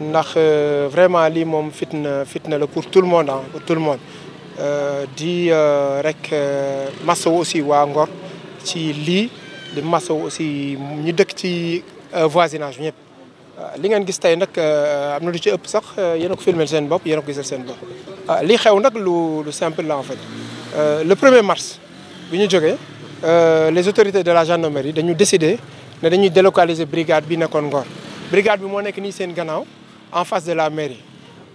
ndax euh, vraiment lii moom fitna fitna la pour tout le monde ah pour tout le monde euh, di euh, rek masawu aussi waa Ngor ci lii di masawu aussi ñu dëkk ci voisinage bi ñëpp. li ngeen gis tey nag am na lu ci ëpp sax yéen ko filmé seen bopp yéen ko gisal seen bopp. li xew nag lu lu simple la en fait le premier mars bi ñu jógee. Euh, les autorités de la gendarmerie dañu décidé ne dañuy délocaliser brigade bi nekkoon Ngor brigade bi moo nekk nii seen gannaaw en face de la mairie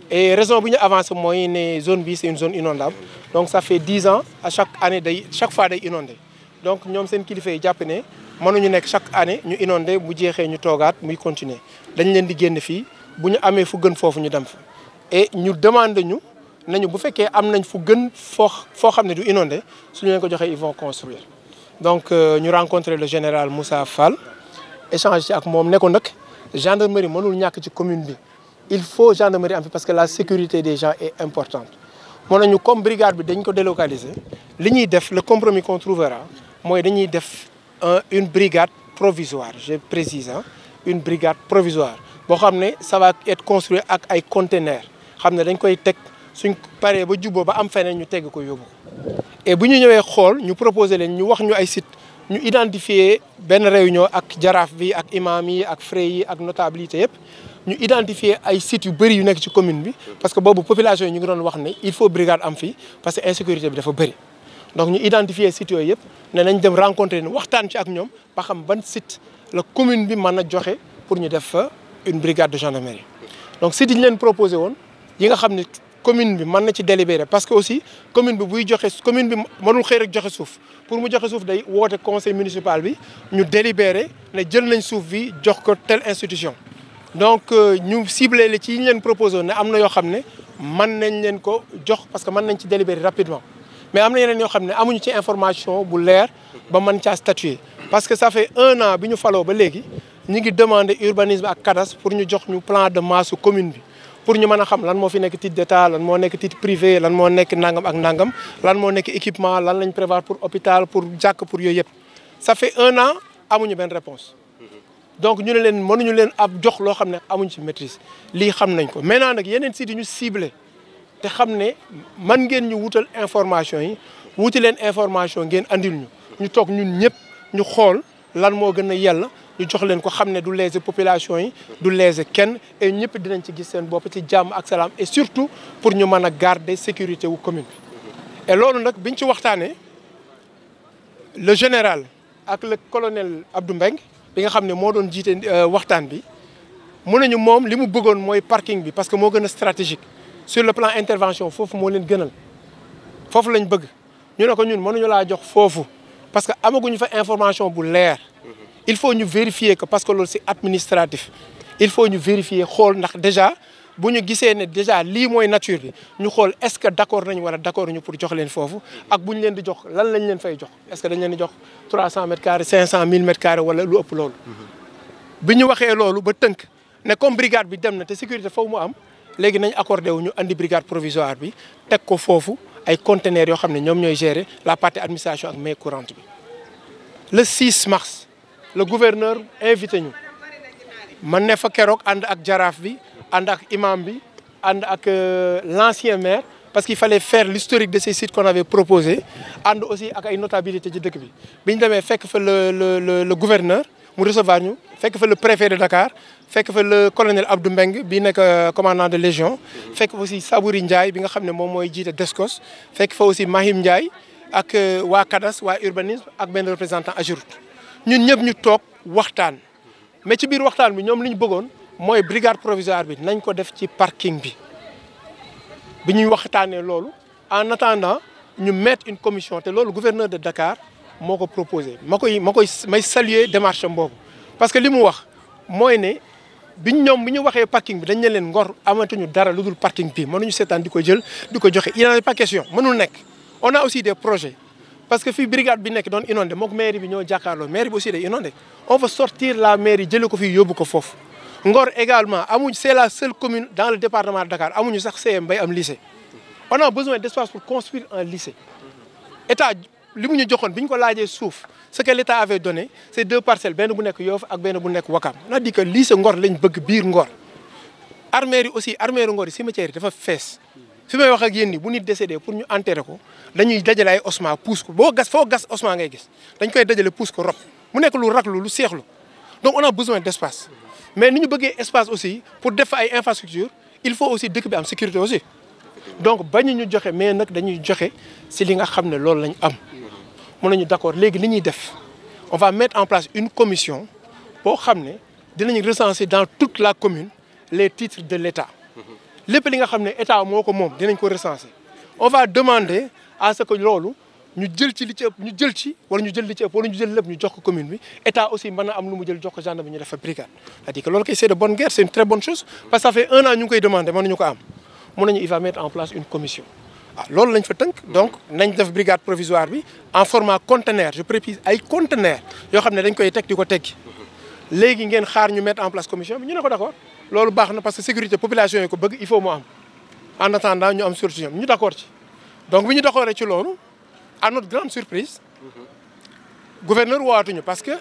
et raison bu ñu avancé mooy ne zone bi seen une zone inondable donc ça fait dix ans à chaque année day chaque fois day inondé donc ñoom seen kilifa yi jàpp ne mënuñu nekk chaque année ñu inondé bu jeexee ñu toogaat muy continuer dañ leen di génn fii bu ñu amee fu gën foofu ñu dem fa et ñu demandé ñu nañu bu fekkee am nañ fu gën foo foo xam ne du inondé suñu leen ko joxee ils vont donc euh, ñu rencontré le général Moussa Fall échange ci ak moom ne ko nag gendarmerie mënul ñàkk ci commune bi il faut gendarmerie am fi parce que la sécurité des gens est importante moo nañu comme brigade bi dañ ko délocaliser li ñuy def le compromis qu'on trouvera mooy dañuy def une brigade provisoire je précise hein une brigade provisoire boo xam ne ça va être construit ak ay conteneurs xam ne dañ koy teg suñ paree ba jubo ba am feneen ñu teg ko yóbbu e bu ñu ñëwee xool ñu proposé leen ñu wax ñu ay site ñu identifier benn réunion ak jaraaf bi ak imam yi ak frais yi ak notabilité yëpp ñu identifier ay sites yu bari yu nekk ci commune bi parce que boobu population yi ñu ngi doon wax ne il faut brigade am fii parce que insécurité bi dafa bëri donc ñu identifier sit yooyu yëpp ne nañ dem rencontrer ni waxtaan ci ak ñoom ba xam ban site la commune bi man a joxe pour ñu def fa une brigade de gendarmerie donc sites yi ñu leen proposé woon yi nga xam ne commune bi mën na ci délibéré parce que aussi commune bi buy joxe commune bi mënul xëy joxe suuf pour mu joxe suuf day woote conseil municipal bi ñu délibéré ne jël nañ suuf bi jox ko tel institution. donc euh, ñu ciblé li ci yi leen proposé ne am na yoo xam ne mën nañ leen ko jox parce que mën nañ ci délibéré rapidement mais am na yeneen yoo xam ne amuñu ci information bu leer ba mën ca statuer parce que ça fait un an bi ñu falo ba léegi ñu ngi demandé urbanisme ak cadastre pour ñu jox ñu plan de masse commune bi. pour ñu mën a xam lan moo fi nekk titre d'état lan moo nekk titre privé lan moo nekk nangam ak nangam lan moo nekk équipement lan lañ prévoir pour hôpital pour jàkk pour yooyu yëpp ça fait un an amuñu benn réponse donc ñu ne leen mënuñu leen ab jox loo xam ne amuñ ci maîtrise lii xam nañ ko maintenant nag yeneen sites yi ñu ciblé te xam ne man ngeen ñu wutal information yi wuti leen information ngeen andil ñu ñu toog ñun ñëpp ñu xool lan moo gën a yell ñu jox leen ko xam ne du léser population yi du léser kenn et ñëpp dinañ ci gis seen bopp ci jàmm ak salaam et surtout pour ñu mën a garder sécurité wu commune bi et loolu nag biñ ci waxtaanee le général ak la colonel Abdou Mbeng bi nga xam ne moo doon jiite euh, waxtaan bi mu nañu moom li mu bëggoon mooy parking bi parce que moo gën a stratégique sur le plan intervention foofu moo leen gënal foofu lañ bëgg ñu ne ko ñun mënuñu laa jox foofu parce que amaguñu bu leer il faut ñu vérifier ko parce que loolu si administratif il faut ñu vérifier xool ndax déjà bu ñu gisee ne déjà lii mooy nature bi ñu xool est-ce que d'accord nañu wala d'accord ñu pour jox leen foofu ak bu ñu leen di jox lan lañ leen fay jox est-ce que dañ leen di jox 300 mètres carrés 500 1000 mètres carrés wala lu ëpp loolu. bi ñu waxee loolu ba tënk ne comme brigade bi dem na te sécurité foofu mu am léegi nañ accordé wu ñu andi brigade provisoire bi teg ko foofu ay conteneurs yoo xam ne ñoom ñooy gérer la partie administration ak main courante bi le 6 mars. le gouverneur invité ñu man ne fa keroog ànd ak jaraaf bi ànd ak imam bi ànd ak euh, l'ancien maire parce qu'il fallait faire l'historique de ces sites qu'on avait proposé ànd aussi ak ay notabilité ci dëkk bi bi ñu demee fekk fa le le mu recevoir ñu fekk fa le préfet de Dakar fekk fa le colonel Abdou Mbeng bi nekk euh, commandant de légion fekk fa aussi Sabouri Ndiaye bi nga xam ne moom mooy jiite Descos fekk fa aussi Mahim Ndiaye ak euh, waa CADAS waa urbanisme ak benn représentant Ageroute ñun ñëpp ñu toog waxtaan mais ci biir waxtaan bi ñoom li ñu bëggoon mooy brigade provisoire bi nañ ko def ci parking bi bi ñuy waxtaanee loolu en attendant ñu mettre une commission te loolu gouverneur de Dakar moo ko proposé ma koy ma koy may saluer démarche am parce que li mu wax mooy ne biñ ñoom bi ñu waxee parking bi dañ ne leen ngor amatuñu dara lu dul parking bi mënuñu seetaan di ko jël di ko joxe il n'en est pas question mënul nekk on a aussi des projets parce que fii brigade bi nekk doon inondé mook mairie bi ñoo jàkkaarloo mairie bi aussi day inondé on va sortir la mairie jëlee ko fii yóbbu ko foofu Ngor également amuñ c'est la seule commune dans le département de Dakar amuñu sax CM bay am lycée on a besoin d'espace pour construire un lycée état li mu ñu joxoon bi ñu ko laajee suuf ce que l'état avait donné c'est deux parcelles benn bu nekk Yoff ak benn bu nekk Wakam on a lycée Ngor lañ bëgg biir Ngor armée yi aussi armée Ngor yi cimetière dafa fees fi may wax ak yéen ni bu nit décédé pour ñu enterrer ko dañuy dajale ay osma puus ko boo gas foo gas osma ngay gis dañ koy dajale puus ko rob mu nekk lu raglu lu seexlu donc on a besoin d' mais ni ñu bëggee espace aussi pour def ay infrastructure il faut aussi dëkk bi am sécurité aussi donc bañu ñu joxe mais nag dañuy joxe si li nga xam ne loolu lañ am mun nañu d' accord léegi li ñuy def on va mettre en place une commission boo xam ne dinañ recenser dans toute la commune les titres de l' lépp li nga xam ne état moo ko moom dinañ ko recenser on va demander à ce que loolu ñu jël ci li ci ëpp ñu jël ci wala ñu jël li ci ëpp wala ñu jël lépp ñu jox ko commune bi état aussi mën am lu mu jël jox ko gendarme bi ñu def fa brigade cest à que loolu kay c'est de bonne guerre c'est une très bonne chose parce que ça fait un an ñu koy demander mën nañu ko am mën nañu il va mettre en place une commission waaw ah, loolu lañ fa tënk donc nañ def brigade bi en format conteneur je précise xam ne dañ koy teg di ko teggi léegi ngeen xaar ñu mettre en bi ñu ne ko d'accord loolu baax na parce que sécurité population yi ko bëgg il faut mu am en attendant ñu am surtout ñu d' accord ci donc bi ñu d' ci loolu à notre grande surprise gouverneur woowaatuñu parce que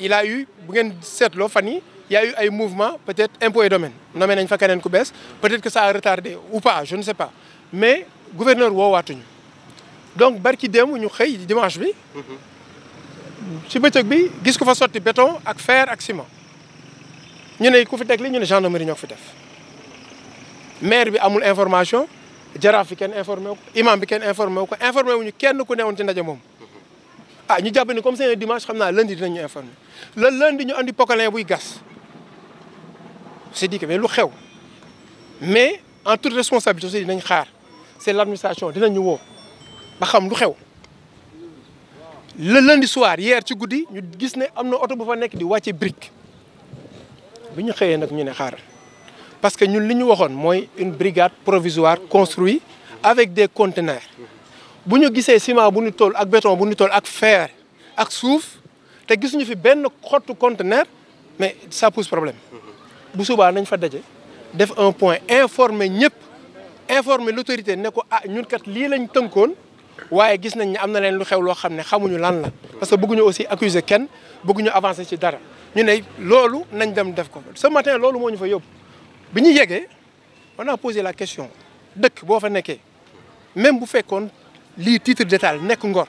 il a eu bu ngeen seetloo fan yi y a eu ay mouvement peut être impôt et domaine nommé fa keneen ku bees peut être que ça a retardé ou pas je ne sais pas mais gouverneur woowaatuñu donc barki démb ñu xëy dimanche bi mhm. ci bëccëg bi gis ko fa sotti béton ak fer ak ñu ne ku fi teg li ñu ne gendarmerie ñoo ko fi def maire bi amul information jaraaf bi kenn informé wu ko imam bi kenn informé wu ko informé wuñu kenn ku newoon ci ndaje moom ah ñu jàpp ni comme c'est dimanche xam naa lundi dinañu informé le lundi ñu andi pocalin buy gas c'est dit que mais lu xew mais en toute responsabilité aussi dinañ xaar c'est l'administration dinañu woo ba xam lu xew le lundi soir hier ci guddi ñu gis ne am na oto bu fa nekk di wàcce brique bu ñu xëyee nag ñu ne xaar parce que ñun li ñu waxoon mooy une brigade provisoire construite avec des conteneurs bu ñu gisee ciment bu nu toll ak béton bu nu toll ak fer ak suuf te gisuñu fi benn xottu conteneur mais ça pose problème bu subaa nañ fa daje def un point informer ñëpp informer l'autorité ne ko ah ñun kat lii lañ tënkoon waaye gis nañ ne am na leen lu xew loo xam ne xamuñu lan la parce que bëgguñu aussi accuser kenn bëgguñu avancer ci dara ñu ne loolu nañ dem def ko ce matin loolu moo ñu fa yóbbu bi ñu yegee on a la question dëkk boo fa nekkee même bu fekkoon lii titre d'état nekk ngor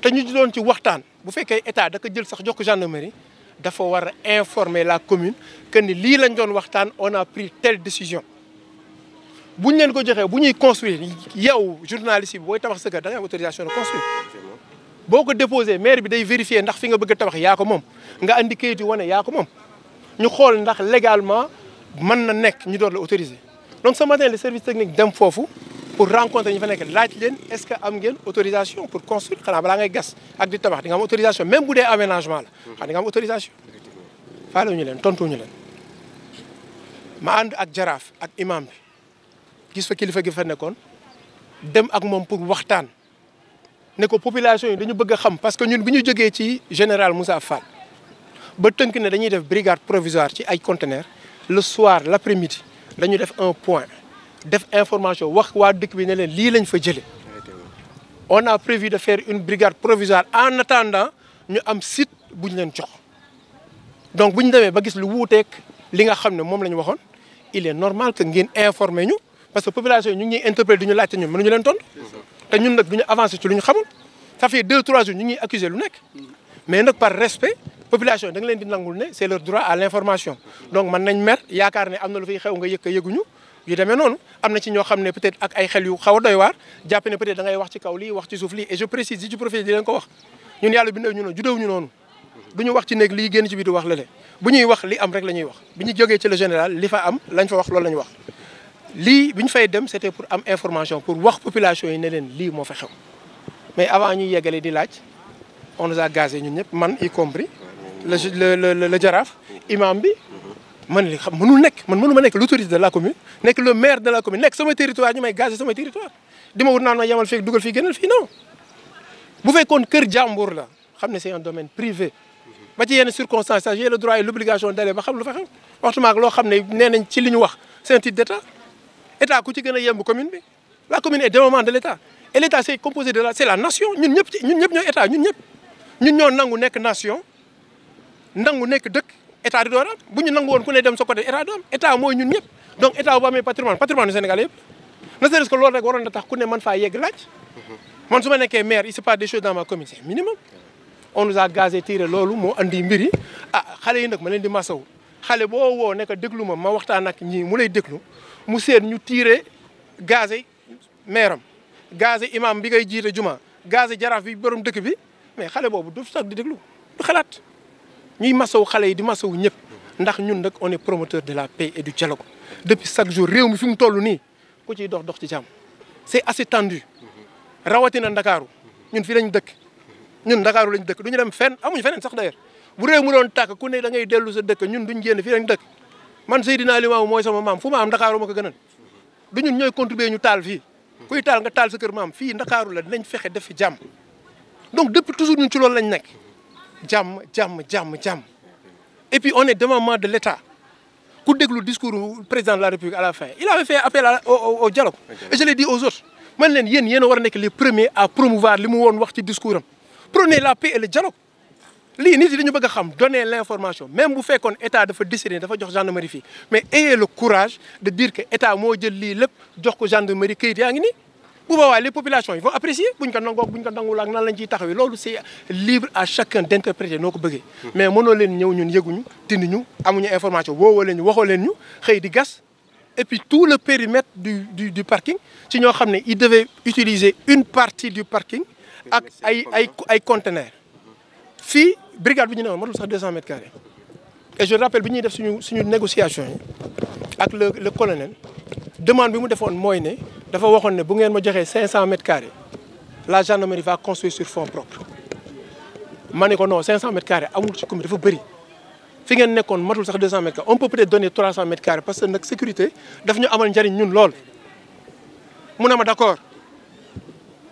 te ñu doon ci waxtaan bu fekkee état da ko jël sax jox ko gendarmerie dafa war a informer la commune que lii lañ doon waxtaan on a pris tell décision bu ñu leen ko joxee bu ñuy construire yow journaliste bi booy tabax sa kër da am autorisation de construire. boo ko déposé maire bi day vérifier ndax fi nga bëgg a tabax yaa ko moom nga andi kayit yi wane yaa ko moom ñu xool ndax légalement man na nekk ñu door la autoriser. donc ce matin le service technique dem foofu pour rencontrer ñu fa nekk laaj leen est-ce que am ngeen autorisation pour construire xanaa balaa ngay gas ak di tabax di nga am autorisation même bu dee aménagement la. Hmm. xam di nga am autorisation. faale ñu leen tontu ñu leen ma ànd ak jaraaf ak imam gis fa kilifa gi fa nekkoon dem ak moom pour waxtaan ne ko population yi dañu bëgg a xam parce que ñun bi ñu jógee ci général Moussa Fall ba tënk ne dañuy def brigade provisoire ci ay conteneur le soir l' après midi dañu def un point def information wax waa dëkk bi ne leen lii lañ fa jëlee on a prévu de fair une brigade provisoire en attendant ñu am site bu ñu leen jox donc bu ñu demee ba gis lu wuuteeg li nga xam ne moom la ñu waxoon il est normal que ngeen informer ñu parce que population yi ñu ngi ñuy interpellé du ñu laajte ñun mënuñu ñu avancé ci lu ñu xamul. ça fait deux trois lu mais par respect population da nga leen di nangul ne c' à l' information. donc mën nañ mer am na lu fiy xew nga yëg yëguñu demee noonu am na ci ñoo xam ne peut-être ak ay xel yu xaw a doy waar jàpp ne peut-être da wax ci suuf lii et je précise di ci profité di leen ko wax ñu noonu du ñu wax ci néeg lii génn ci biir wax la le bu ñuy wax li am rek la ñuy wax bi ñu jógee ci le général li fa am lañ fa wax loolu la ñu wax lii bi ñu fay dem c'était pour am information pour wax population yi ne leen lii moo fa xew mais avant ñuy yeggale di laaj on nous a gazé ñun ñëpp man y compris le le le jaraaf imam bi. man li xam mënul nekk man mënu ma nekk l'autorité de la commune nekk le maire de la commune nekk sama territoire ñu may gazé sama territoire di ma wut naan ma yemal fii dugal fii génnal fii non. bu fekkoon kër jàmbur la xam ne c'est un domaine privé ba ci yenn circonstances j'ai le droit et l'obligation d'aller ba xam loo xam ne nee nañ ci li ñu wax c'est un titre état ku ci gën a commune bi la commune est démembrement de l' état et l' composé de la c' la nation ñun ñëpp ci ñun ñëpp ñooy état ñun ñëpp ñun ñoo nangu nekk nation nangu nekk dëkk état di door bu ñu nangu woon ku ne dem sa côté état doon état mooy ñun ñëpp donc état bu amee patrimoine patrimoine du Sénégal yëpp ne serait-ce que loolu rek waroon na tax ku ne man faa yegg laaj man su ma nekkee maire il se passe des choses dans ma commune c'est minimum on nous a gazé loolu moo andi mbir ah, xale yi nag ma leen di masaw xale boo woo nekk déglu ma ma waxtaan ak ñii mu lay déglu mu seen ñu tiire gazé meeram i imam bi ngay jiite juma gazé jaraaf bi borom dëkk bi mais xale boobu du sax di déglu du xalaat ñuy masawu xale yi di masawu ñëpp ndax ñun nag on est promoteur de la paix et du dialogue depuis chaque jour réew mi fi mu toll nii ku ci dox dox ci jàmm c'est assez tendu rawatina ndakaaru ñun fii lañ dëkk ñun ndakaaru lañ dëkk du ñu dem fenn amuñu feneen sax d'ailleurs bu réew mu doon tàkk ku ne da ngay dellu sa dëkk ñun duñ génn fii lañ dëkk man Seydina Limaamu mooy sama maam fu ma am Ndakaaru ma ko gënal du ñun ñooy contribuer ñu taal fii kuy taal nga taal sa kër maam fii Ndakaaru la dinañ fexe def fi jàmm donc depuis toujours ñun ci loolu lañ nekk jàmm jàmm jàmm jàmm et puis on est demandement de l'État ku déglu discours du président la République à la fin il avait fait appel au, au, et je l'ai dit aux autres man leen yéen yéen a war a nekk le premier à promouvoir li mu woon wax ci discours am prenez la paix et le lii nit yi dañu bëgg xam donner l'information même bu fekkoon état dafa décider dafa jox gendarmerie fii mais ayez le courage de dire que état moo jël lii lépp jox ko gendarmerie kayit yaa ngi nii bu boobaa les populations yi vont apprécier buñ ko nangoo buñ ko nangul ak nan lañ ciy taxawee loolu c'est libre à chacun d'interpréter noo ko bëggee hmm. mais mënoo leen ñëw ñun yëguñu tindiñu amuñu information woowoo leen ñu waxoo leen ñu xëy di gas et puis tout le périmètre du du, du parking ci ñoo xam ne il devait utiliser une partie du parking ak ay ay ay conteneurs fii brigade bi ñu newoon matul sax 200 mètres carrés je rappelle bi ñuy def suñu suñu négociation yi ak le le colonel demande bi mu defoon mooy ne dafa waxoon ne bu ngeen ma joxee 500 mètres carrés la gendarmerie va construire sur fonds propres ma ne ko non 500 mètres carrés amul ci commune dafa bëri fi ngeen nekkoon matul sax 200 mètres carrés on peut peut-être donner 300 mètres carrés parce que nag sécurité daf ñu amal njariñ ñun lool mu ne ma d'accord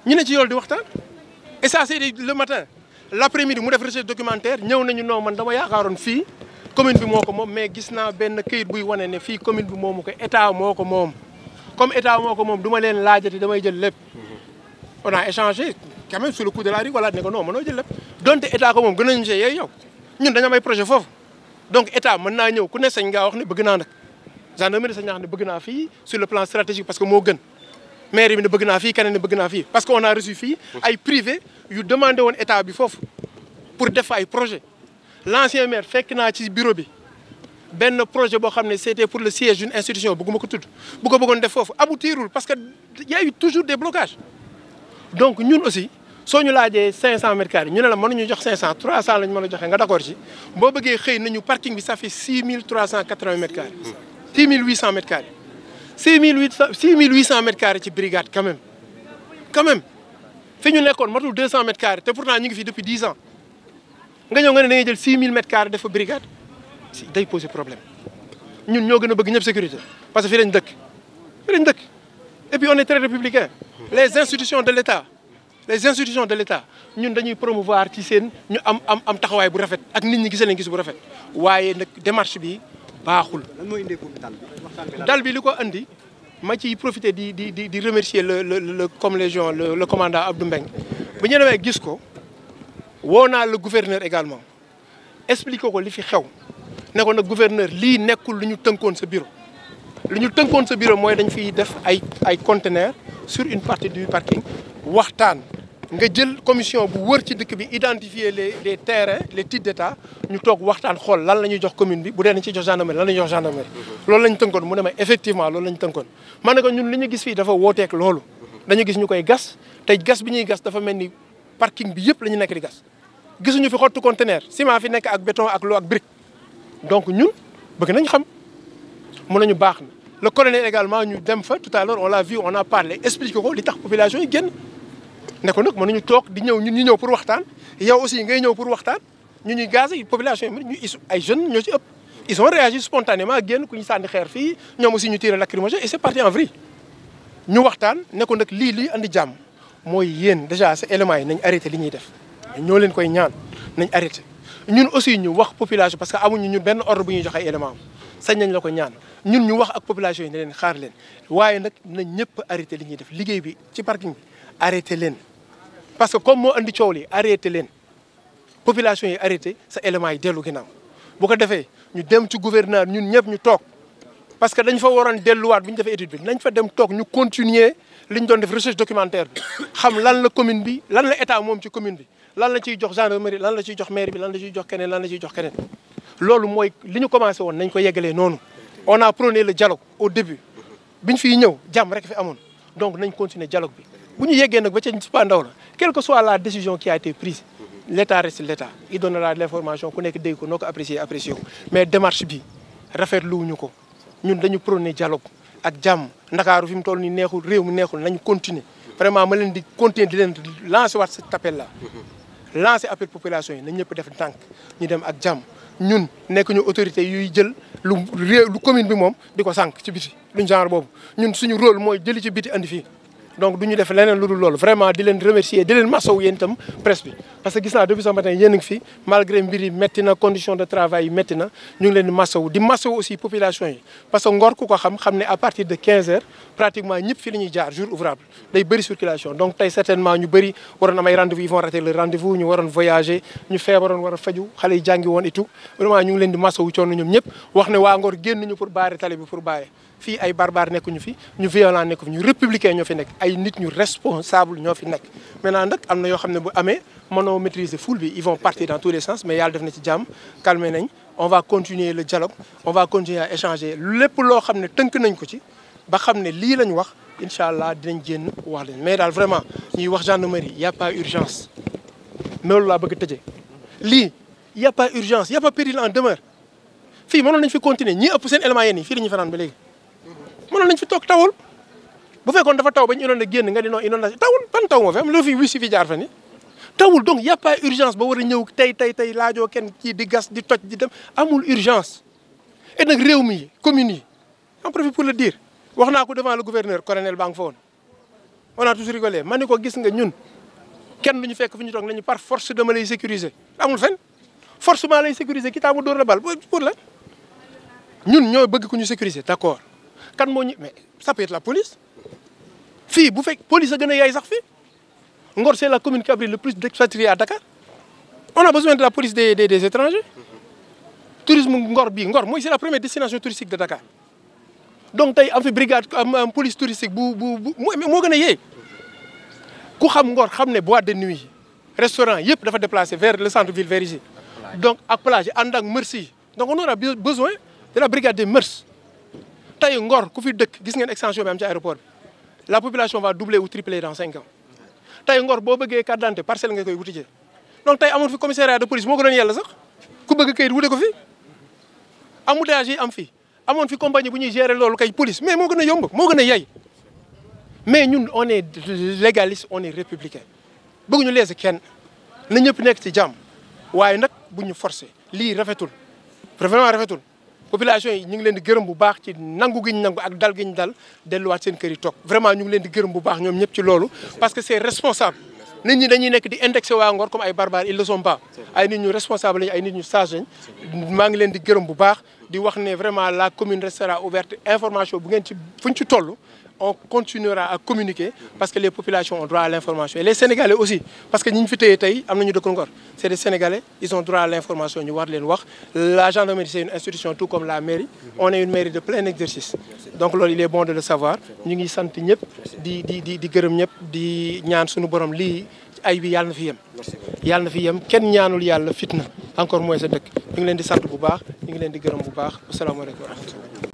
ñu ne ci yool di waxtaan et ça c'est matin. l' après midi mu def recherche documentaire ñëw nañu noo man dama yaakaaroon fii commune bi moo ko moom mais gis naa benn këyit buy wane ne fii commune bi moom ko état moo ko moom comme état moo ko moom du ma leen laajati damay jël lépp on a échangé quand même sur le coup de la rue wala ne ko non mënoo jël lépp donte état ko moom gën nañu see yow ñun dañoo projet foofu donc état mën naa ñëw ku ne sañ ngaa wax ne bëgg naa nag gendarmerie sañ naa wax ne bëgg naa fii sur le plan stratégique parce que moo gën maire bi ne bëgg naa fii keneen ne bëgg naa fii parce que on a reçu fii ay privé yu demandé woon état bi foofu pour def ay projet l' ancien maire fekk naa ci bureau bi benn projet boo xam ne c' était pour le siège d'une institution bëgguma ko tudd bu ko bëggoon def foofu aboutirul parce que y a toujours des blocages donc ñun aussi soo ñu laajee 500 mètres carrés ñu ne la mënuñu jox 500 300 lañ mën a joxe nga d' accord ci boo bëggee xëy nañu parking bi ça fait 6380 six mille huit cent six mille huit cent mètres carrés ci brigade quand même fi ñu nekkoon matul deux cent mètres carrés te pourtant ñu ngi fi depuis dix ans nga ñëw nga ne da ngay jël six mille mètres carrés def fa brigade si day poser problème ñun ñoo gën a bëgg ñëpp sécurité parce que fi lañ dëkk fi lañ dëkk et puis on est très républicain les institutions de l'État les institutions ñun dañuy promouvoir ci seen ñu am am am taxawaay bu rafet ak nit ñi gisee leen gis bu rafet waaye nag démarche bi baaxul. lan mooy indi dal bi dal li ko andi ma ciy profité di di di di remercier le le le comme légion le le commandant Abdou Mbengue bu ñu demee gis ko woo naa le gouverneur également expliqué ko li fi xew ne ko nag gouverneur lii nekkul lu ñu tënkoon sa bureau. lu ñu tënkoon sa bureau mooy dañ fiy def ay ay conteneurs sur une partie du parking waxtaan. nga jël commission bu wër ci dëkk bi identifier les les terrains les d'état ñu toog waxtaan xool lan la ñuy jox commune bi bu dee dañ ciy jox gendarmerie lan la ñuy jox gendarmerie. loolu la ñu tënkoon mu ne ma effectivement loolu la ñu tënkoon man ne ko ñun li ñu gis fii dafa wooteek loolu. dañu gis ñu koy gas te gas bi ñuy gas dafa mel ni parking bi yëpp la ñu nekk di gas. gisuñu fi xottu conteneur ciment fi nekk ak béton ak loo ak brique donc ñun bëgg nañu xam mun nañu baax na le colonel également ñu dem fa tout à l'heure on l'a vu on a ko li tax yi génn. ne ko nag ñu toog di ñëw ñun ñu ñëw pour waxtaan yow aussi ngay ñëw pour waxtaan ñu ñuy gazé population yi ñu ay jeunes ñoo ci ëpp. ils ont réagi ku ñu sànni xeer fii ñoom aussi ñu tiré lacrymogène et c' est ñu waxtaan ne ko nag lii lii andi jàmm mooy yéen déjà sa éléments yi nañ arrêté li ñuy def ñoo leen koy ñaan nañ arrêté. ñun aussi ñu wax population parce que amuñu ñun benn bu ñuy joxe ay sañ nañ la ko ñaan ñun ñu wax ak population yi ne leen xaar leen waaye nag nañ ñëpp arrêté li ñuy def liggéey bi ci parking bi. arrêté leen parce que comme moo andi coow li arrêté leen population yi arrêté sa élément yi dellu ginnaaw bu ko defee ñu dem ci gouverneur ñun ñëpp ñu toog parce que dañ fa waroon delluwaat bu ñu defee étude bi nañ fa dem toog ñu continuer li ñu doon def recherche documentaire bi xam lan la commune bi lan la état moom ci commune bi lan la ciy jox gendarmerie lan la ci jox maire bi lan la ciy jox keneen lan la ciy loolu mooy li ñu commencé woon nañ ko yeggalee noonu o a prôné le dialogue au début biñ fiy ñëw jàmm rek fi amoon donc nañ continuer dialogue bi bu ñu yeggee nag ba ca supaandaw la quelle soit la décision qui a été prise l' état reste l' état il donnera information ku nekk dégg ko noo ko apprécier apprécier ko mais démarche bi rafetluwuñu ko ñun dañu prôné dialogue ak jàmm ndakaaru fi mu toll nii neexul réew mi neexul nañu continuer vraiment ma leen di continuer di leen lancer waat cet appel là lancer appel population yi nañ ñëpp def ndànk ñu dem ak jàmm ñun nekk ñu autorité yuy jël lu réew commune bi moom di ko sànq ci biti lu genre boobu ñun suñu rôle mooy jëli ci biti andi fii donc du ñu def leneen lu dul loolu vraiment di leen remercier di leen masawu yéen itam presse bi parce que gis naa depuis ce matin yéen a fi malgré mbir yi condition de travail yi ñu ngi di masawu di masawu aussi population yi parce que Ngor ko xam xam ne à partir de 15 pratiquement ñëpp fi la ñuy jaar jour ouvrable day bëri circulation donc tey certainement ñu bëri waroon am ay rendez-vous ils le rendez ñu waroon voyager a faju xale woon et ñu ngi leen di masawu coono ñoom ñëpp wax ne waa Ngor génn ñu pour baare tali bi pour fii ay barbares ñu fi ñu violents nekku fi ñu républicain ñoo fi nekk ay nit ñu responsable ñoo fi nekk. maintenant nag am na yoo xam ne bu amee mënoo maîtriser foule bi ils vont partir dans tous les sens mais yàlla def na ci jàmm calmer nañ on va continuer le dialogue on va continuer à échanger lépp loo xam ne tënk nañ ko ci ba xam ne lii lañ wax incha allah dinañ génn wax leen mais daal vraiment ñuy wax gendarmerie y' a pas urgence loolu laa bëgg t tëjee lii y' a pas urgence y' a pas péril en demeure fii ba léegi. mënoon nañ fi toog tawul bu fekkoon dafa taw ba ñu inondé génn nga di non inondation tawul ban taw moo fi am lu fi wis fi tawul donc y' a pas urgence war a ñëw tey tey tey laajoo kenn kii di gas di toj di dem amul urgence. et réew mi communes yi en profite pour le dire wax naa ko devant le gouverneur colonel ngi fa woon on a tous ma ne ko gis nga ñun kenn du ñu fekk fi ñu toog nañu par force dama lay sécuriser amul fen forcément lay sécuriser ki taamu dóor la bal pour la ñun ñoo bëgg ku ñu sécuriser d' kan moo ñu mais ça peut la police fii bu fekk police a gën a yaay sax fii Ngor c'est la commune qui abrite le plus d'expatriés à Dakar on a besoin de la police des des, des étrangers tourisme Ngor bii Ngor mooy c'est la première destination touristique de Dakar donc tey am fi brigade am police touristique bu bu bu moo gën a yee ku xam Ngor xam ne boîte de nuit restaurant yëpp dafa déplacé vers le centre ville vers ici donc ak plage ànd ak mœurs yi donc tey Ngor ku fi dëkk gis ngeen extension bi am ci aéroport bi la population va doubler ou tripler dans cinq ans tey Ngor boo bëggee carte d'identité parcelle nga koy wuti jee donc tey amul fi commissariat de police moo ko doon yàlla sax ku bëgg kayit wute ko fi embouteillage yi am fi amoon fi compagnie bu ñuy gérer loolu kay police mais moo gën a yomb moo gën a yay mais ñun on est légaliste on est ñu bëgguñu lees kenn na ñëpp nekk ci jàmm waaye nag bu ñu force lii rafetul vraiment rafetul population yi ñu ngi leen di gërëm bu baax ci nangu gi ñu nangu ak dal gi ñu dal delluwaat seen kër yi toog vraiment ñu ngi leen di gërëm bu baax ñoom ñëpp loolu parce que c'est responsable nit ñi dañuy nekk di indexé waa Ngor comme ay barbares ils le sont pas ay nit ñu responsable lañu ay nit ñu sage lañ maa ngi leen di gërëm bu baax di wax ne vraiment la commune restera ouverte information bu ngeen ci fuñ ci toll on continuera à communiquer parce que les populations ont droit à l'information et les Sénégalais aussi parce que ñi ñu fi téye tey am nañu dëkk Ngor c'est des Sénégalais ils ont droit à l'information ñu war leen wax la gendarmerie c'est une institution tout comme la mairie on est une mairie de plein exercice donc loolu il est bon de le savoir ñu ngi sant ñëpp di di di di gërëm ñëpp di ñaan suñu borom lii ay bi yàlla na fi yem yàlla na fi yem kenn ñaanul yàlla fitna encore mooy sa dëkk ñu ngi leen di sant bu baax ñu ngi leen di gërëm bu baax asalaamaaleykum wa rahmatullah